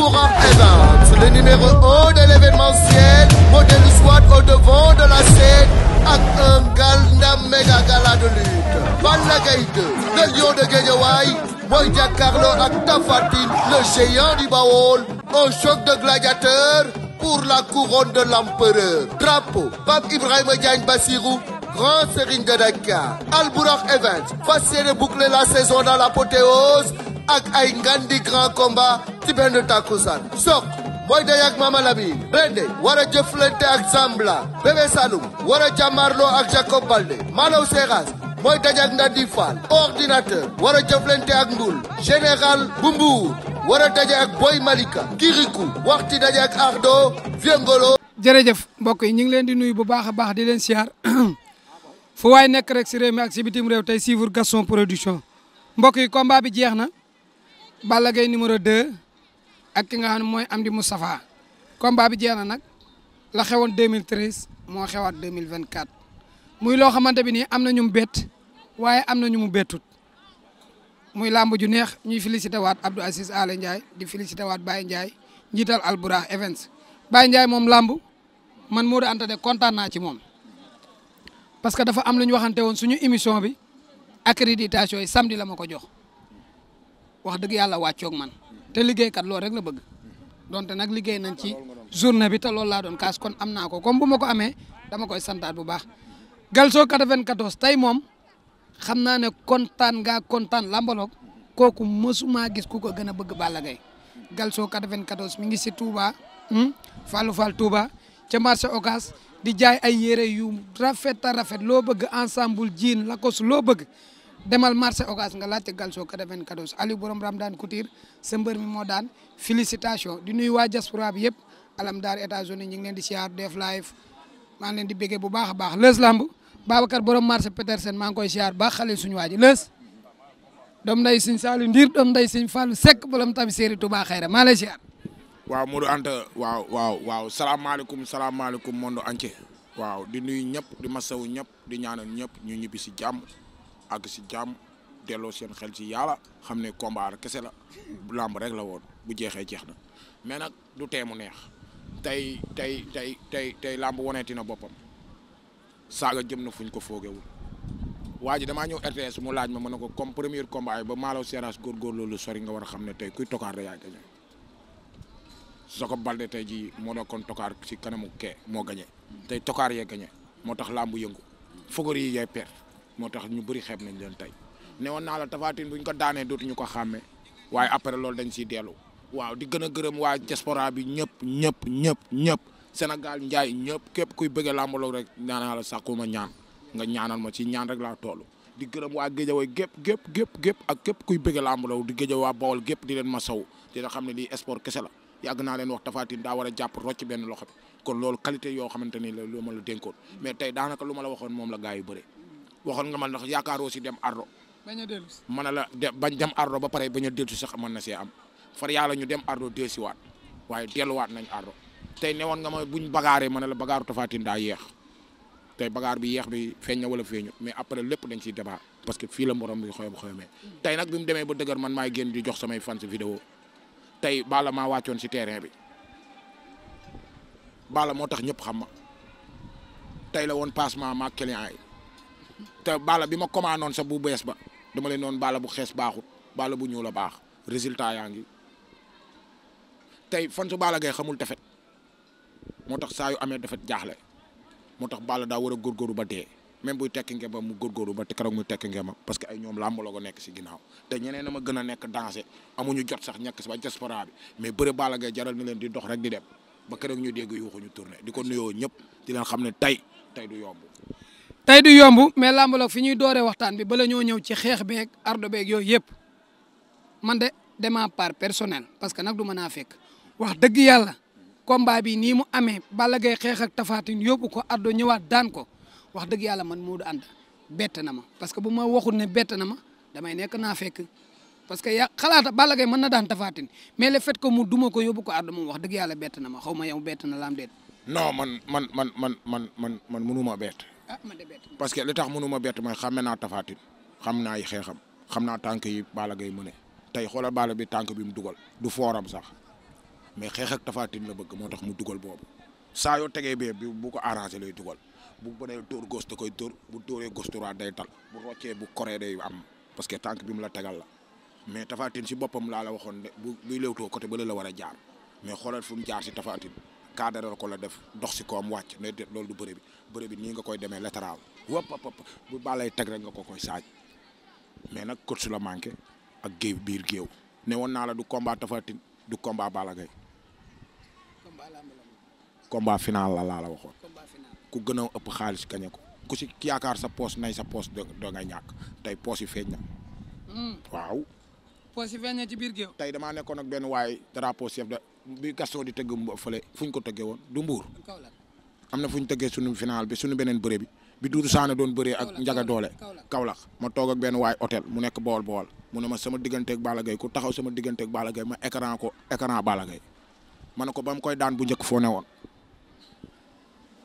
Courant eh Events, le numéro 1 de l'événementiel, modèle soit au devant de la scène un gala méga de lutte. Balla Gaye 2, le de Guédiawaye, mooy jàkkaarloo ak Tapha le géant du Baol, un choc de gladiateurs pour la couronne de l'empereur. Drapeau Pape Ibrahima Diagne Bassirou. Grand Serigne de Dakar Al Bourakh Events fas yéene boucler la saison dans l'apothéose ak ay ngandi grand combat ci benn takkusaan soq ak Mama Lamine Bende war a ak Zambla Bébé Saloum war a jàmmarloo ak Jacob Balde Malaw Seras mooy dajak Ndandi Fall ordinateur war a jëflante ak Ndul général Bumbu war a daje ak Boy Malika Kirikou waxti daje ak Ardo Viengolo jërëjëf mbok yi ñu ngi leen di nuyu bu baax a baax di leen siyaar fu waay nekk rek si réew mi ak si bitim réew tey suivre Gaston production mbokk yi combat bi jeex na Balla Gaye numéro 2 ak ki nga xam ne mooy Amdi Moustapha combat bi jeex na nag la xewoon 2013 moo xewaat 2024 muy loo xamante bi nii am na ñu mu bet waaye am na ñu mu bettut muy làmb ju neex ñuy félicité waat Abdou Aziz Alé Ndiaye di félicité waat Baye Ndiaye njiital Albourakh Events Baye Ndiaye moom làmb man Modou Anta de kontaan naa ci moom. parce que dafa am lu ñu waxante woon suñu émission bi accréditation yi samedi la ma ko jox wax dëgg yàlla wàccoog man te liggéeykat loolu rek la bëgg donte nag liggéey nañ ci journée bi te loolu laa doon kaas kon am naa ko comme bu ma ko amee dama koy santaat bu baax. Galso 94 tey moom xam naa ne kontaan ngaa kontaan lambaloog kooku mësuma gis ku ko gën a bëgg Balla Gaye Galso 94 mi ngi si Touba hmm? Fallou Fall Touba di jaay ay yére yu rafet a rafet loo bëgg ensemble jean Lacoste loo bëgg demal marché Ocass nga laajte Galso 94 Aliou borom daan Couture sa mbër mi moo daan félicitation di nuy waa diaspora bi yëpp alam daar États-Unis ñu ngi leen di siyaar def live maa ngi leen di béggee bu baax a baax lës lamb Babacar borom marché Petersen maa ngi koy siyaar baax xale suñu waa ji lës doom nday Sëñ Saalu Ndiir doom nday Sëñ Fallou Seck borom tamit séeri Touba Xayra maa la siyaar waaw Modou Anta waaw waaw waaw salaamaaleykum salaamaaleykum monde entier waaw di nuyu ñëpp di masawu ñëpp di ñaanal ñëpp ñu ñibbi si jàmm ak si jàmm delloo seen xel si yàlla xam ne combat kese la làmb rek la woon bu jeexee jeex na mais nag du tee mu neex tey tey tey tey tey làmb woneeti na boppam saaga jëm na fuñ ko foogewul waa ji damaa ñëw RTS mu laaj ma mën na ko comme premier combat yi ba Malaw Seras góorgóorlu lu sori a war a xam ne tey kuy tokaar da yaa gañe Jacob Baldé tey jii moo doon tokaar ci kanamu kee moo gañe tey tokaar yee gañe moo tax làmb yëngu fogor yee perte moo tax ñu bëri xeeb nañ leen tey newoon naa la Tapha Tine bu ñu ko daanee dootuñu ko xàmmee waaye après loolu dañ siy dellu waaw di gën a gërëm waa diaspora bi ñëpp ñëpp ñëpp ñëpp Sénégal njaay ñëpp képp kuy bëggee làmbaloog rek ñaanaa la sàkkuma ñaan nga ñaanal ma ci ñaan rek laa toll di gërëm waa géejawaay gépp gépp gépp gépp ak képp kuy bëggee làmbaloog di géejawaay waa Bawol gépp di leen ma sow saw na xam ne di sport kese la yàgg naa leen wax Tapha daa war a jàpp rocc benn loxo bi kon loolu qualité yoo xamante ni la lu ma la dénkoon mais tey daanaka lu ma la waxoon moom la gaa yu bëre waxoon nga ma ndax yaakaaroo si dem ardo man a la de bañ dem ardo ba pare bañ a dellu si sax man na see am far yàlla ñu dem ardo dellusiwaat waaye delluwaat nañ ardo tey newoon nga ma buñ bagaaree man na la bagaaru Tapha Tine daa yeex tey bagaar bi yeex bi feeñ na wala feeñu mais après lépp dañ ciy débat parce que fii la morom bi xoyom xoyomee nag bi mu ba dëgër man maay génn di jox samay fans vidéo tey baala maa wàccoon ci terrain bi Balla moo tax ñëpp xam ma tey la woon passement ma client yi te Balla bi ma commandé sax bu bees ba dama leen noon Balla bu xees baaxut baala bu ñuul a baax résultat yaa ngi tey fan su Balla gay xamul defet moo tax saa yu amee defet jaaxle moo tax Balla daa war a góorgóorlu ba dee. même buy tekki ngembam mu góorgóorlu ba te keroog mu tekki ngembam parce que ay ñoom làmb la ko nekk si ginnaaw a gën a nekk dansé amuñu jot sax ñàkk si ba diaspora bi mais bëre bala Gaye jaral na leen di dox rek di dem ba keroog ñu dégg yuuxu ñu tourné di ko nuyoo ñëpp di leen ne tey tey du yomb. tey du yomb mais làmb fi ñuy dooree waxtaan bi bala ñoo ñëw ci xeex beeg ardo beeg yooyu yëpp man de demaa part personnel parce que nag du mën a fekk wax dëgg yàlla combat bi nii mu amee bala gay xeex ak Tapha Tine yóbbu ko ardo ñëwaat daan ko wax dëgg yàlla man Modou Anta bett na ma parce que bu ma waxul ne bett na ma damay nekk naa fekk parce que ya xalaata Balla Gaye mën na daan tafaatin mais le fait que mu duma ko yóbbu ko àdd moom wax dëgg yàlla bett ma xaw ma yow bett na laam déet. non man man man man man man man mënuma bett. ah parce que li tax mënuma bett mooy xame naa tafaatin xam naa ay xeexam xam naa tànk yi Balla Gaye mu ne tey xoola Balla bi tànk bi mu dugal du fooram sax mais xeex ak tafaatin la bëgg moo tax mu dugal boobu saa yoo tegee bi bu ko arrangé lay dugal. bu bonee tóor gos da koy tóor bu tóoree gos day tal bu bu koree day am parce que tànk bi mu la tegal la mais tafaatin si boppam laa la waxoon de bu buy lewtoo côté ba la war a jaar mais xoolal fu mu jaar si tafaatin kaadaral ko la def dox si koom wàcc mais loolu du bëre bi bi nii nga koy demee latéral wëpp ëpp bu bàllay teg rek nga ko koy saaj mais nag course la manqué ak géew biir géew ne woon naa la du combat tafaatin du komba Balla Gaye combat final laa la waxoon ku gën a ëpp xaalis gañe ko ku si yaakaar sa poos nay sa poos da ngay ñàkk tey poos yi feeñ na. Mm. waaw. poos yi na ci biir tey damaa nekkoon ak benn waay drapeau chef de bi Gaston di tëgg mba fële fu ñu ko tëggee woon du Mbour. am na fu ñu tëggee sunu final bi sunu beneen bëre bi bi du Sané doon bëree ak. Njaga Doole Kaolack ma toog ak benn waay hôtel mu nekk bool bool mu ne ma sama digganteeg Balla Gaye ku taxaw sama digganteeg Balla Gaye ma écran ko écran Balla Gaye ne ko ba mu koy daan bu njëkk foo ne woon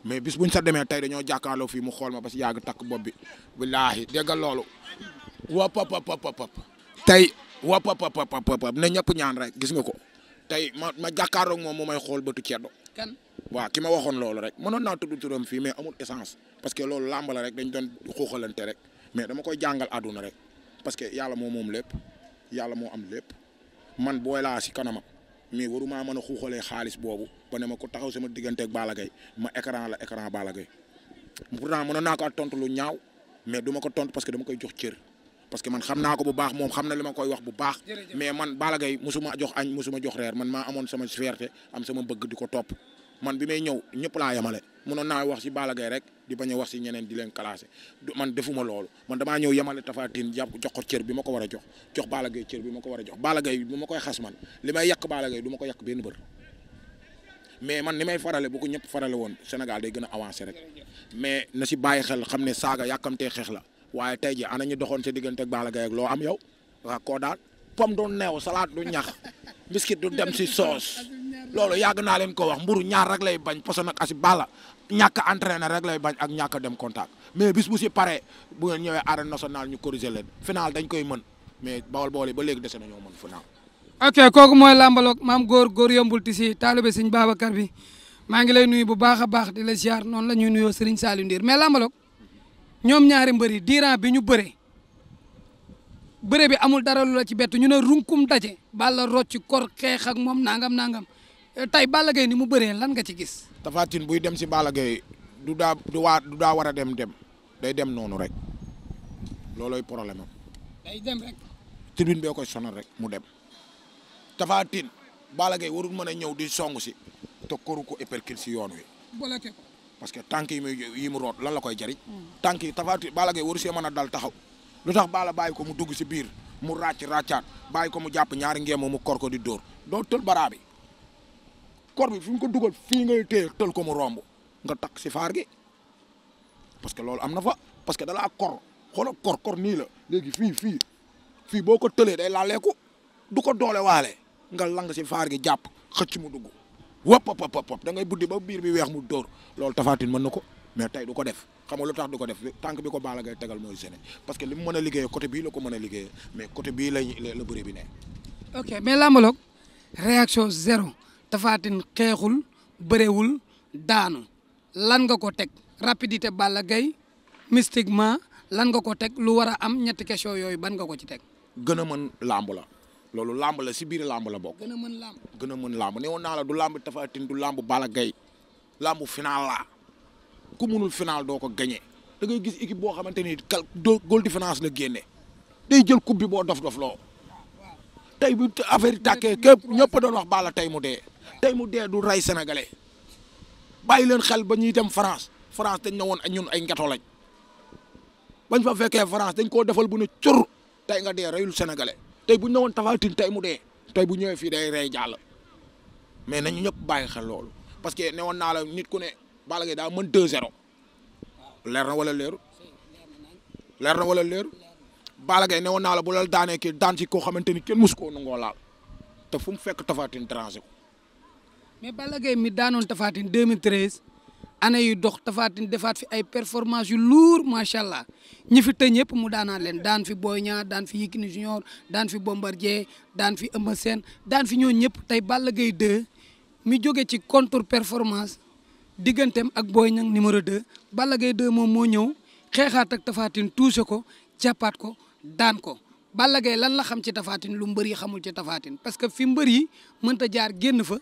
mais bis buñ sa demee tey dañoo jàkkaarloo fii mu xool ma ba si yàgg takk bopp bi billaahi déggal loolu wa pop pop pop tey wa pop pop pop ne ñëpp ñaan rek gis nga ko tey ma ma jàkkaarloog moom mu may xool bëtu ceddo kenn waaw ki ma waxoon loolu rek mënoon naa tudd turam fii mais amul essence parce que loolu làmb rek dañ doon xuuxalante rek mais dama koy jàngal àdduna rek parce que yàlla moo moom lépp yàlla moo am lépp man booy laa si kanamam mais waruma mën a xuuxalee xaalis boobu ba ne ma ko taxaw sama digganteeg Balla Gaye ma écran la écran Balla Gaye pourtant mënoon naa ko tontu lu ñaaw mais du ko tontu parce que dama koy jox parce que man xam naa ko bu baax moom xam na li koy wax bu baax mais man Balla Gaye musuma jox añ musuma jox reer man maa amoon sama fierté am sama bëgg di ko topp man bi may ñëw ñëpp laa yemale mënoon naa wax ci bala Gaye rek di bañ a wax si ñeneen di leen classé man defuma loolu man damaa ñëw yemale Tapha Tine jàpp jox ko cër bi ma ko war a jox jox Balla Gaye cër bi ma ko war a jox Balla Gaye bu ma koy xas man li may yàq Balla Gaye du ma ko yàq benn bër mais man ni may farale bu ko ñëpp farale woon Sénégal day gën a avancé rek mais na si bàyyi xel xam ne saaga yàkkamtee xeex la waaye tey ji ana ñu doxoon sa diggante ak Balla ak loo am yow waa koo daal pom du neew salade du ñax biscuit du dem si soos loolu yàgg naa leen ko wax mburu ñaar rek lay bañ poson ak asi bala ñàkk a entraîner rek lay bañ ak ñàkk dem contact mais bis bu si paree bu ngeen ñëwee arène nationale ñu corriger leen final dañ koy mën mais bawol bawol yi ba léegi dese nañoo mën final. ok kooku mooy làmbaloog maam góor góor yombul tisi taalibe sëñ Babacar bi maa ngi lay nuyu bu baax a baax di la ziar noon la ñuy nuyoo Serigne Saliou Ndir mais làmbaloog ñoom ñaari mbër yi diiran bi ñu bëre bëre bi amul dara lu la ci bett ñu ne runkum daje balla rocci kor xeex ak moom nangam nangam tey bala Gaye ni mu bëree lan nga ci gis. Tapha buy dem si Balla Gaye du daa du du daa war a dem dem day dem noonu rek loolooy problème am. day dem rek. tribune bee koy sonal rek mu dem Tapha Tine gay Gaye warul mën a ñëw di song si te koru ko épercule si yoon wi. bloqué ko parce que tànk yi muy yi mu root lan la koy jariñ. Hmm. tànk yi Tapha Tine Balla Gaye waru see mën a dal taxaw lu tax Balla bàyyi ko mu dugg si biir mu ràcc ràccaat bàyyi ko mu jàpp ñaari ngeem mu kor ko di dóor doo tël baraa bi. kor bi fi mu ko dugal fii ngay téye tël ko mu romb nga takk si faar gi parce que loolu am na fa parce que dalaa kor xoola kor kor nii la léegi fii fii fii boo ko tëlee day laaleeku du ko doole waale nga lang si faar gi jàpp xëcc mu dugg wop wop wop da buddi ba biir bi weex mu dóor loolu tafaatin mën na ko mais tey du ko def xam nga lu tax du ko def tànk bi ko baala ngay tegal mooy sene parce que li mu mën a liggéeyee côté bii la ko mën a liggéeyee mais côté bii lañ la bëri bi ne ok mais làmbaloog réaction zéro Tapha xeexul barewul daanu lan nga ko teg rapidité bala gay mystiquement lan nga ko teg lu war a am ñetti question yooyu ban nga ko ci teg. gën mën làmb la loolu làmb la si biir làmb la bokk. gën mën làmb gën a mën làmb ne woon naa la du làmb Tapha Tine du làmb bala gay làmb final la ku munul final doo ko gagné da gis équipe boo xamante ni kal goal différence la génne day jël coupe boo dof-dof loo tey bi affaire yi tàkkee képp doon wax Balla tey mu dee. tey mu dee du rey sénégalais bàyyi leen xel ba ñuy dem France France dañ ne woon ak ñun ay ngeto lañ bañ fa fekkee France dañ koo defal bu ne cur tey nga dee reyul sénégalais tey bu ñu ne tey mu dee tey bu ñëwee fii day rey jàll mais nañu ñëpp bàyyi xel loolu parce que ne naa la nit ku ne Balla Gaye daa mën 2-0 leer na wala leeru leer na wala leeru Balla Gaye woon naa la bu la daanee kii daan ci koo xamante ni kenn mus koo nangoo laal te fu mu fekk Tapha Tine ko mais Balla Gaye mi daanoon Tapha Tine 2013 année yu dox Tapha defaat fi ay performance yu lourd macha allah ñi fi tëj ñëpp mu daanaa leen daan fi Boy Niang daan fi Yékini Junior daan fi Bombardier daan fi Eumeu Sène daan fi ñooñu ñëpp tey Balla Gaye 2 mi jóge ci contre performance digganteem ak Boy Niang numéro 2 Balla gay 2 moom moo ñëw xeexaat ak tafaatin Tine ko jàppaat ko daan ko. Balla Gaye lan la xam ci Tapha Tine lu mbër yi xamul ci Tapha Tine parce que fi mbër yi mënta jaar génn fa.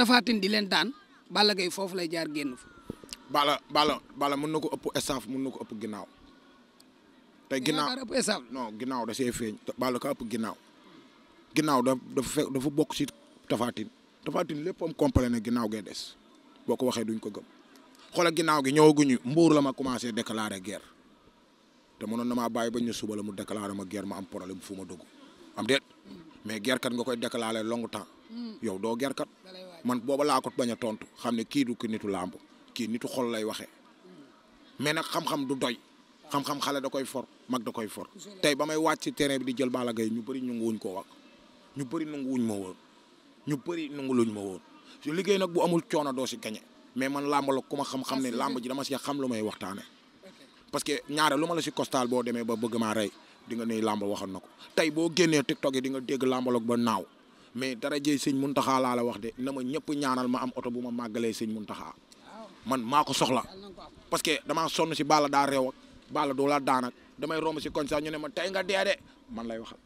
tafaatin di leen daan Balla Gaye foofu lay jaar génn fa. Balla Balla Balla mën na ko ëpp staff mën na ko ëpp ginnaaw. te ginnaaw ëpp staff non ginnaaw da see feeñ Balla ka ëpp ginnaaw. ginnaaw da dafa bokk ci tafaatin tafaatin lépp am complet ne ginnaaw gee des boo ko waxee duñ ko gëm xoola ginnaaw gi ñëwaguñu mbuur la ma commencé déclarer guerre te mënoon na maa bàyyi ba ñu suba la mu déclarer ma geer ma am problème fu ma dugg am déet mm. mais guerre kat nga koy déclarer long temps mm. yow doo guerre man booba laa ko bañ a tontu xam ne kii du ki nitu làmb kii nitu xol lay waxee mais nag xam-xam du doy xam-xam xale da koy for mag da koy for tey ba may wàcc ci terrain bi di jël baala Gaye ñu bëri ñu wuñ ko wax ñu bëri nangu wuñ ma woon ñu bëri nangu luñ ma woon su liggéey nag bu amul coono doo si gañe mais man làmb ku ma xam-xam ne làmb ji dama si xam lu may waxtaane parce que ñaare lu ma la si costal boo demee ba bëgg maa rey di nga nuy làmb waxoon na ko tey boo génnee TikTok yi di nga dégg làmbaloog ba naaw mais dara jëy sëñ Muntaxa laa la wax de na ma ñëpp ñaanal ma am oto bu ma màggalee mun Muntaxa man maa ko soxla parce que dama sonn si Balla daa réew ak Balla doo la daan ak damay romb si koñ sax ñu ne ma tey nga dee de man lay waxal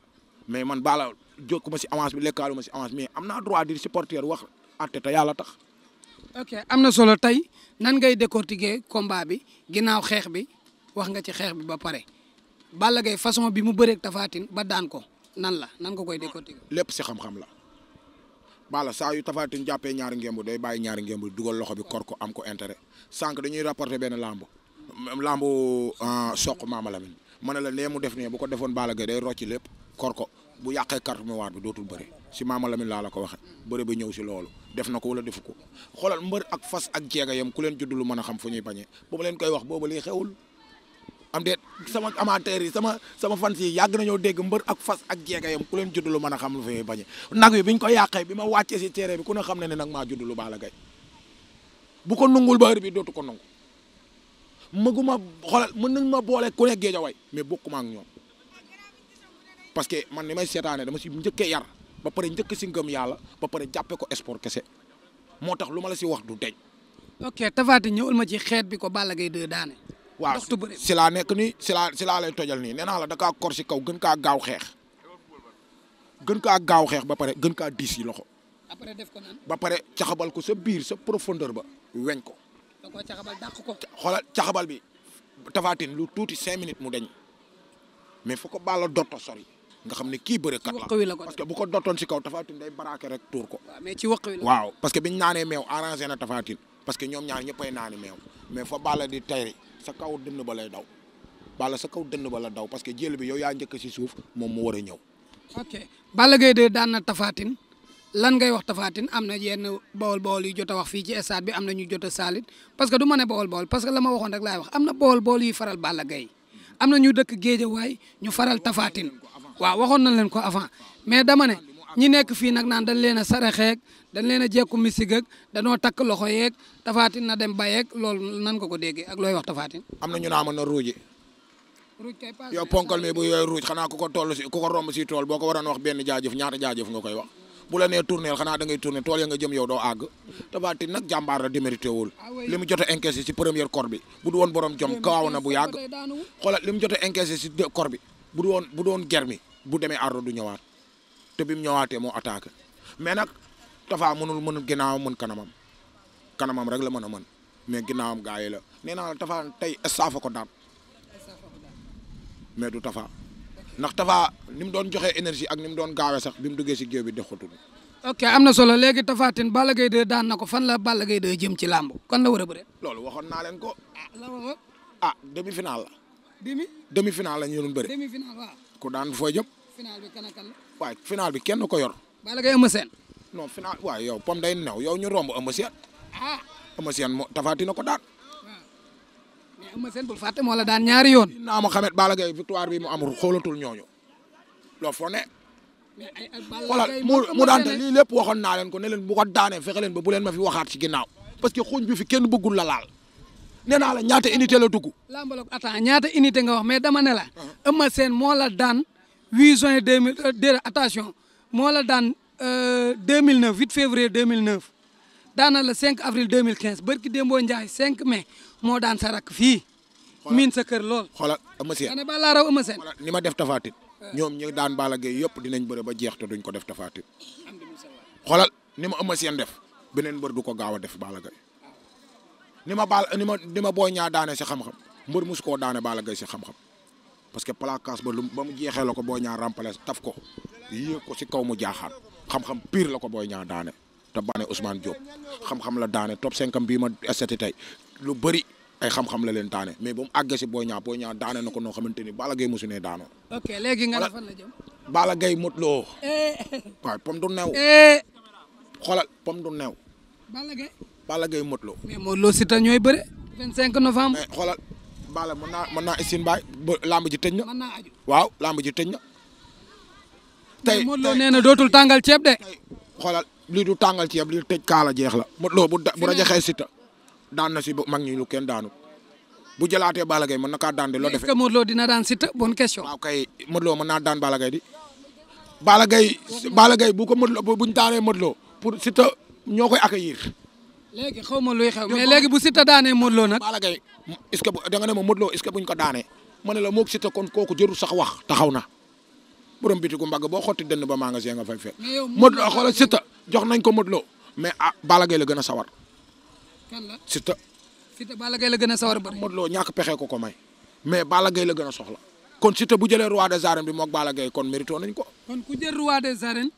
mais man Balla jokkuma si avance bi lekkaaluma si avance mais am naa droit di supporter wax atte te yàlla tax. am na solo tey nan ngay décortiquer combat bi ginnaaw xeex bi wax nga ci xeex bi ba pare bala Gaye façon bi mu bëreeg Tapha Tine ba daan ko nan la nan nga koy décortiquer. lépp si xam la. bala saa yu tafaatin jàppee ñaari ngemb day bàyyi ñaari ngemb dugal loxo bi kor ko am ko intérêt sànq dañuy rapporter benn lamb lambu euh, soq Mama Lamine ma la nee mu def ne bu ko defoon Balla Gaye day rocc lépp kor ko bu yàqee carte mémoire bi dootul bëri si Mama Lamine laa la ko waxe bëri ba ñëw si loolu def na ko wala defu ko xoolal mbër ak fas ak jeega yam ku leen judd lu a xam fu ñuy bañee bu ma leen koy wax boobu lii xewul am deet sama amateur yi sama sama fans yàgg nañoo dégg mbër ak fas ak jeega yam ku leen judd lu mën a xam lu fi bañe nag bi ñu ko yàqee bi ma wàccee si terrain bi ku xam ne ne nag maa judd lu Balla Gaye bu ko nungul ba heure bi dootu ko nangu mëguma xoolal mën nañ ma boole ku ne géejawaay mais bokkuma ak ñoom parce que man ni may seetaane dama si njëkkee yar ba pare njëkk si ngëm yàlla ba pare jàppe ko sport kese moo tax lu ma la si wax du deñ ok Tapha Tine ñëwal ma ci xeet bi ko Balla gay 2 daane waaw si laa nekk nii si laa lay tojal nii nee naa la da kaa kor si kaw gën kaa gaaw xeex gën kaa gaaw xeex ba pare gën kaa diis yi loxo. après def ko ba pare caxabal ko sa biir sa profondeur ba weñ ko. da koo caxabal dàq ko. xoolal caxabal bi tafaatin lu tuuti cinq minutes mu deñ mais fu ko bàlla dotto sori nga xam ne kii bëre kat la parce que bu ko si kaw tafaatin day baraake rek tuur ko. waaw parce que biñ naanee meew arrangé na tafaatin parce que ñoom ñaar ñëppay naani meew mais fa bàlla sa kaw dënn ba lay daw Balla sa kaw dënn ba la daw parce que jël bi yow yaa njëkk si suuf moom mu war a ñëw. ok Balla Gaye 2 daan na tafaatin lan ngay wax tafaatin am na yenn bawol bawol yu jot a wax fii ci am na ñu jot a saalit parce que du ma ne bawol bawol parce que lama waxoon rek laay wax am na bawol bawol yuy faral Balla Gaye am na ñu dëkk waay ñu faral tafaatin waaw waxoon na leen ko avant mais dama ne. ñi nekk fii nag naan dañ leen a saraxeeg dañ a jekku misig ak dañoo takk loxo yeeg tafaatin na dem bayeeg lool nan ko ko déggee ak looy wax tafaatin am na ñu naa mën na ruuji ruuj ponkal mi bu yooyu ruuj xanaa ko ko romb si tool boo ko waroon wax benn jaajëf ñaata jaajëf nga koy wax bu la nee tourneel xanaa da ngay tourné tool nga jëm yow doo àgg Taphatine nag jàmbaar la démérité wul ah li mu jot a encaissé si première corde bi bu du woon borom jom kawaaw na bu yàgg xoolal li mu jot bu du woon bu ñëwaat te bi mu ñëwaatee moo attaqué mais nag tafaa mënul mën ginnaawam mën kanamam kanamam rek la mën a mën mais ginnaawam gars yi la nee naa la tey estaafa ko daan mais du Tapha ndax Tapha ni mu doon joxe énergie ak ni mu doon gaawee sax bi mu duggee si géew bi dexatul. ok am na solo léegi Tapha Tine Balla Gaye 2 daan na ko fan la Balla Gaye 2 jëm ci làmb kon la war a bëre. loolu waxoon naa leen ko. ah, ah demi final la. demi demi la ñu doon bëre. demi final daan fooy jëm. waaye final bi kenn ko yor. Balla Gaye Eumeu Sène. non final waaye yow pom day new yow ñu romb Eumeu Sène. ah Eumeu Sène moo tafaati na ko daan. Ah. mais Eumeu Sène bul fàtte moo la daan ñaari yoon. naa ma xamet Balla Gaye victoire bi mu amul xoolatul ñooñu loo foo ne. mais ay mu daan lii lépp waxoon naa leen ko ne leen bu ko daanee leen ba bu leen ma fi waxaat ci ginnaaw. parce que xooñ bi fi kenn bëggul la laal. nee naa la ñaata unité la dugg. làmbalog attends ñaata unité nga wax mais dama ne la. Uh-huh. Eumeu Sène moo la daan. 8 juin 2000 euh, déedéet attention moo la daan 2009 euh, 8 février 2009 daana la 5 avril 2015 barki Dembo Ndiaye 5 mai moo daan sa rakk fii. miin sa kër lool. xoolal Eumeu Sène ana ba laa raw Eumeu ma def Tapha Tine ñoom ñi daan Balla Gaye yëpp dinañ bëre ba jeex te duñ ko def Tapha Tine xoolal ni ma Eumeu Sène def beneen mbër du ko gaaw a def Balla Gaye ni ma Balla ni ma ni ma Boy Niang daane si xam-xam mbër mosu koo daane Balla Gaye si xam-xam. parce que placage ba lu ba mu jeexee la ko Boy Niang remplace taf ko yéeg ko si kaw mu jaaxaan xam-xam pire la ko booy Niang daane te baane Ousmane Diop xam-xam la daane top 5 am bii ma estati tey lu bëri ay xam-xam la leen daane mais ba mu àggee si Boy Niang Boy Niang daane na ko noo xamante ni Balla Gaye mosu nee daanoo. ok léegi nga ne fan la jëm. Balla Gaye loo. Eh. waaw pom du neew. Eh. xoolal pom du neew. Balla Gaye. Balla mais mot loo ñooy bëre. 25 Balla mën naa mën naa Sine Mbaye ba ji tëj na. mën naa aju waaw làmb ji tëj na. tey tey Modou Lo nee dootul tàngal ceeb de. xoolal du tàngal ceeb lii tëj kaala jeex la Modou bu da bu rajaxee Siteu daan na si ba mag ñi lu kenn daanu bu jëlaatee Balla Gaye mën na kaa daan de loo defee. est dina daan Siteu bonne question. waaw kay Modou mën naa daan Balla Gaye di. bala gay Balla bu ko Modou Lo bu ñu daanee Modou pour Siteu ñoo koy accueillir. léegi xaw ma luy xew léegi bu Siteu daanee Modou Lo nag. est-ce que ne ma Modou Lo est-ce que buñ ko daanee ma ne la moog Siteu kon kooku jëru sax wax taxaw na borom bitigu mbagg boo xotti dënn ba magasin nga fay fekk. Modou Lo xoolal Siteu jox nañ ko Modou Lo mais ah Balla la gën a sawar. Siteu. Siteu Balla la gën a sawar bëri. Modou Lo ñàkk pexe ko ko may mais bala Gaye la gën a soxla kon Siteu bu jëlee roi des arènes bi moog Balla Gaye kon mérito nañ ko. kon ku jël roi des arènes.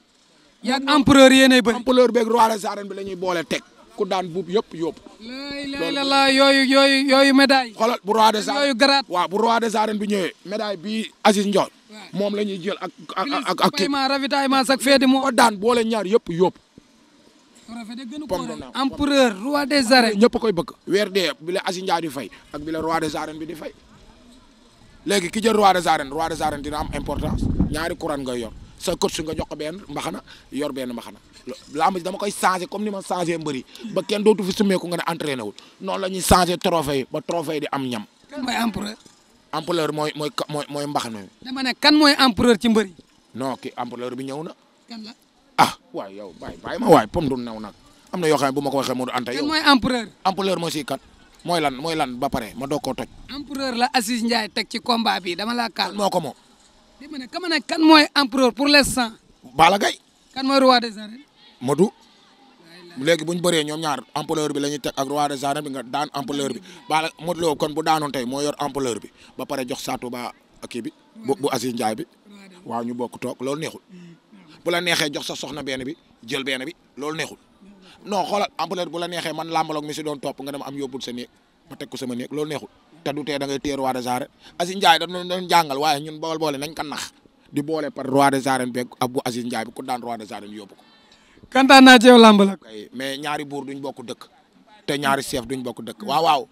yaa empereur yéenay bëri. bi la ñuy boole teg. ku daan buub yëpp yóbbu. loolu la la yooyu yooyu yooyu médaille. xoolal bu roi des arènes yooyu garaat. bu roi des bi ñëwee. bii Aziz Ndiol. moom la ñuy jël ak ak ak ak. paiement feedi moo. ko daan boole ñaar yëpp yóbbu. empereur roi des arènes. ñëpp koy bëgg. weer dee bi la Aziz Ndiaye fay ak bi la roi des bi di fay léegi ki jël roi des arènes roi des dina am importance ñaari couronne nga yor sa coach nga jox ko benn mbaxana yor benn mbaxana lamb ji dama koy changé comme ni ma changé mbëri ba kenn dootu fi sumeeku nga ne entraîné wul noonu la ñuy changé trophée yi ba trophée yi di am ñam. kan mooy empereur. mooy mooy mooy mooy mbax na. dama kan mooy empereur ci mbëri. non ki empereur bi ñëw na. kan la ah waay yow bàyyi bàyyi ma waay pom du new nag am na yoo xam bu ma ko waxee Modou Anta yow. kan mooy empereur. empereur moo siy kan. mooy lan mooy ba pare ma doog koo toj. empereur la Aziz Ndiaye teg ci combat bi dama laa kaal. moo ko moom. dama ne kama ne kan mooy empereur pour l'instant. Balla Gaye. kan matu léegi bu ñu bëree ñoom ñaar ampleur bi la ñuy teg ak roi des arènes bi nga daan ampleur bi bala Modou Lo kon bu daanoon tey moo yor bi ba pare jox Satou Ba kii bi bu bu Aziz bi waaw ñu bokk toog loolu neexul bu la neexee jox sa soxna benn bi jël benn bi loolu neexul non xoolal ampleur bu la neexee man làmbaloog mi si doon topp nga dem am yóbbul sa néeg ma teg ko sama néeg loolu neexul te du tee da ngay téye roi des arènes Aziz Ndiaye dañu doon jàngal waaye ñun bool boole nañ ko nax di boole par roi des arènes beeg ku daan roi des yóbbu ko kantaan naa ci yow la. mais ñaari buur duñ bokk dëkk te ñaari chef duñ bokk dëkk waaw waaw.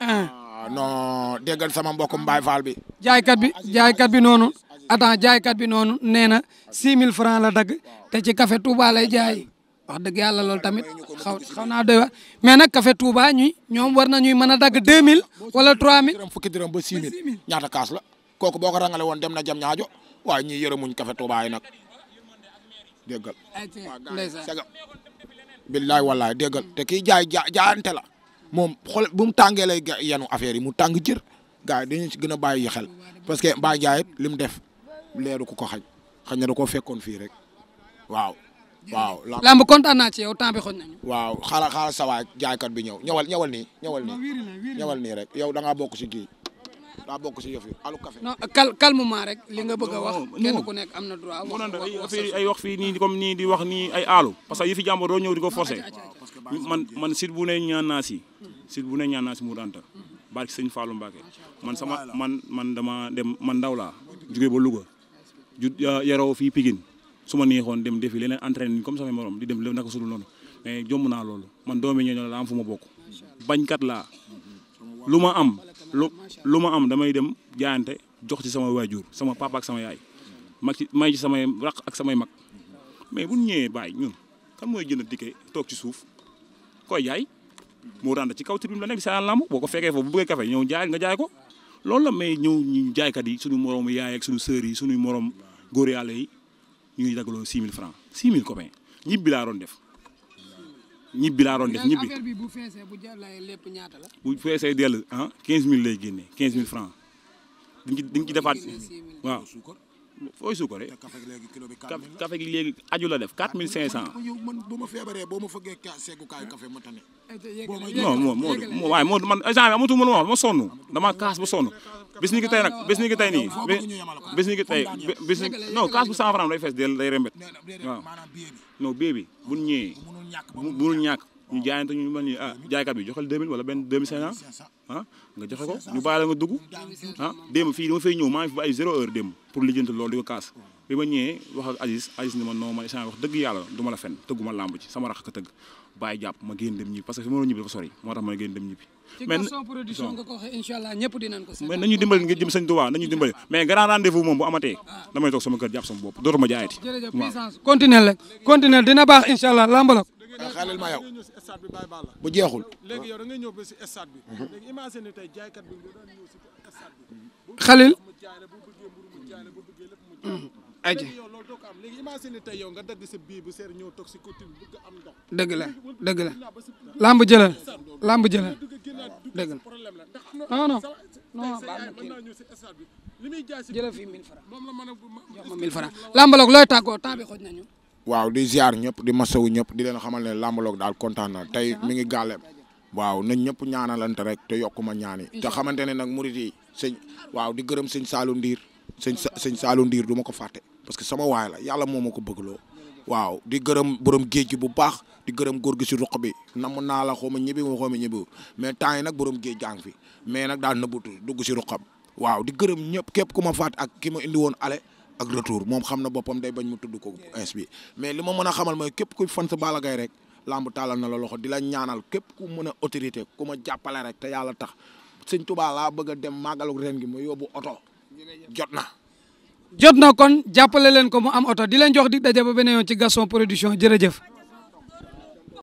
ah, ah non déggal sama mbokku Mbaye Fall bi. jaaykat bi jaaykat bi noonu. attends jaaykat bi noonu nee na mille francs la dagg te ci café Touba lay jaay wax dëgg yàlla loolu tamit xaw xaw naa doy wax mais nag café Touba ñuy ñoom war nañuy mën a dagg 2000 wala 3000. fukki dërëm ba 6000 ñaata kaas la kooku boo ko rangale woon dem na jam ñaajo waa ñu yërëmuñ café Touba yi nag. déggal sagal billaay wallaay déggal te kii jaay jaayante la moom xool bu mu tàngee lay yenu affaire yi mu tàng jër gars yi dañu si gën a bàyyi xel parce que ba Ndiaye li mu def leeru ko ko xaj xañ na da koo fekkoon fii rek waaw waaw lamb kontaan naa ci yow temps bi xooj nañu bi ñëw ñëwal ñëwal nii ñawal nii ñëwal nii rek yow danga bokk si kii daa bokk si yi alu café non cal rek li nga bëgg a wax kenn ku nekk am na droit wax ay wax fii nii comme nii di wax nii ay aalu parce que yëfi jàmbur doo ñëw di ko forcé man man sit bu ne ñaan naa si sit bu ne ñaan naa si Mour Anta barke sëñ Fallou Mbacke man sama man man dama dem man ndaw laa jóge ba Louga ju yaroo fii Pikine su ma neexoon dem defi leneen entraîné comme sama morom di dem lépp naka sudul noonu mais jomm naa loolu man doomi ñooñu la am fu ma bokk bañkat la lu ma am lu lu ma am damay dem jaayante jox ci sama waajur sama papa ak sama yaay mag ci may ci samay raq ak samay mag mais bu ñu ñëwee baay ñun kan mooy jënd ticket toog ci suuf koy jaay moo rànd ci kaw tribune la nekk di seetaan lamb boo ko fekkee foofu bu bëggee café ñëw jaay nga jaay ko loolu la mais ñëw ñu jaaykat yi sunu moroom yaay ak suñu sœur yi suñu morom góor yàlla yi ñuy dagaloo 6000 francs 6000 copain ñibbi laa doon def ñibbi laa doon def ñibbi bu feesee bu jëlee lépp ñaata la. bu feesee dell ah, quinze 15000 lay génnee 15000 francs di nga ci di nga ci defaat waaw. fooy suukaree. te café gi léegi kilo bi 4000 la café gi léegi aju la def 4500. man bu ma feebaree boo ma fëggee seggukaay café ma tane. non moo moo moo man agent ma dama kaas bu sonn bis ni ki tey nag bis ni ki tey nii bis ki tey bis kaas bu 100 francs day fees day rembet waaw non bee bi ñu jaayante ñu mel ni ah jaaykat bi joxal 2000 ah, nga joxe ko ñu bàyyi la nga dugg ah, démb fii dama fay ñëw maa ngi wax ak ni ma non ma échange wax dëgg yàlla du la fen tëgguma làmb ci sama rax ka tëgg bàyyi jàpp ma génn dem ñibbi parce que fi ma ñibbi dafa sori moo tax ma génn dem ñibbi mais nañu dimbali nga jëm sëñ Tuubaa nañu dimbali mais grand rendez-vous moom bu amatee damay toog sama kër jàpp sama bopp dootuma jaayati waaw continuer la continuer Ah, xaalal ma yow bu jeexul. léegi yow da ngay ñëw ba si stade bi. Mhm. léegi imagine tey jaaykat bi nga doon ñëw si stade bi. xalil. aji mhm. léegi imagine tey yow nga dagg sa bii bu seer ñëw toog si côté bi bëgg am ndox. dëgg la dëgg la làmb jëlal làmb jëlal dëgg la non non non jëlal fii 1000 francs jox ma 1000 francs làmb loog looy tàggoo temps bi xoj nañu waaw di ziar ñëpp di wu ñëpp di leen xamal ne làmbaloog daal kontaan na tey mi ngi gàllem waaw nañ ñëpp ñaanalante rek te yokkuma ñaani te xamante ne nag mu di yi sëñ waaw di gërëm sëñ Saalu Ndiir sëñ sëñ Saalu Ndiir du ma ko fàtte parce que sama waay la yàlla moo ma ko bëggloo waaw di gërëm borom géej gi bu baax di gërëm góor gi si ruq bi namm naa la xaw ma ñibbi ma xaw ma ñibbi mais temps yi nag borom géej jàng fi mais nag daal nëbbutu dugg si ruqam waaw di gërëm ñëpp képp ku ma faat ak ki ma indi woon ale ak retour moom xam na boppam day bañ mu tudd ko ins bi mais li ma mën a xamal mooy képp kuy fan sa Balla Gaye rek lamb taalal na la loxo di la ñaanal képp ku mën a autorité ku ma jàppale rek te yàlla tax sëñ Tuubaa laa bëgg dem màggalu ren gi ma yoobu oto jot na. jot na kon jàppale leen ko mu am oto di leen jox di daje ba beneen yoon ci Gaston Production jërëjëf.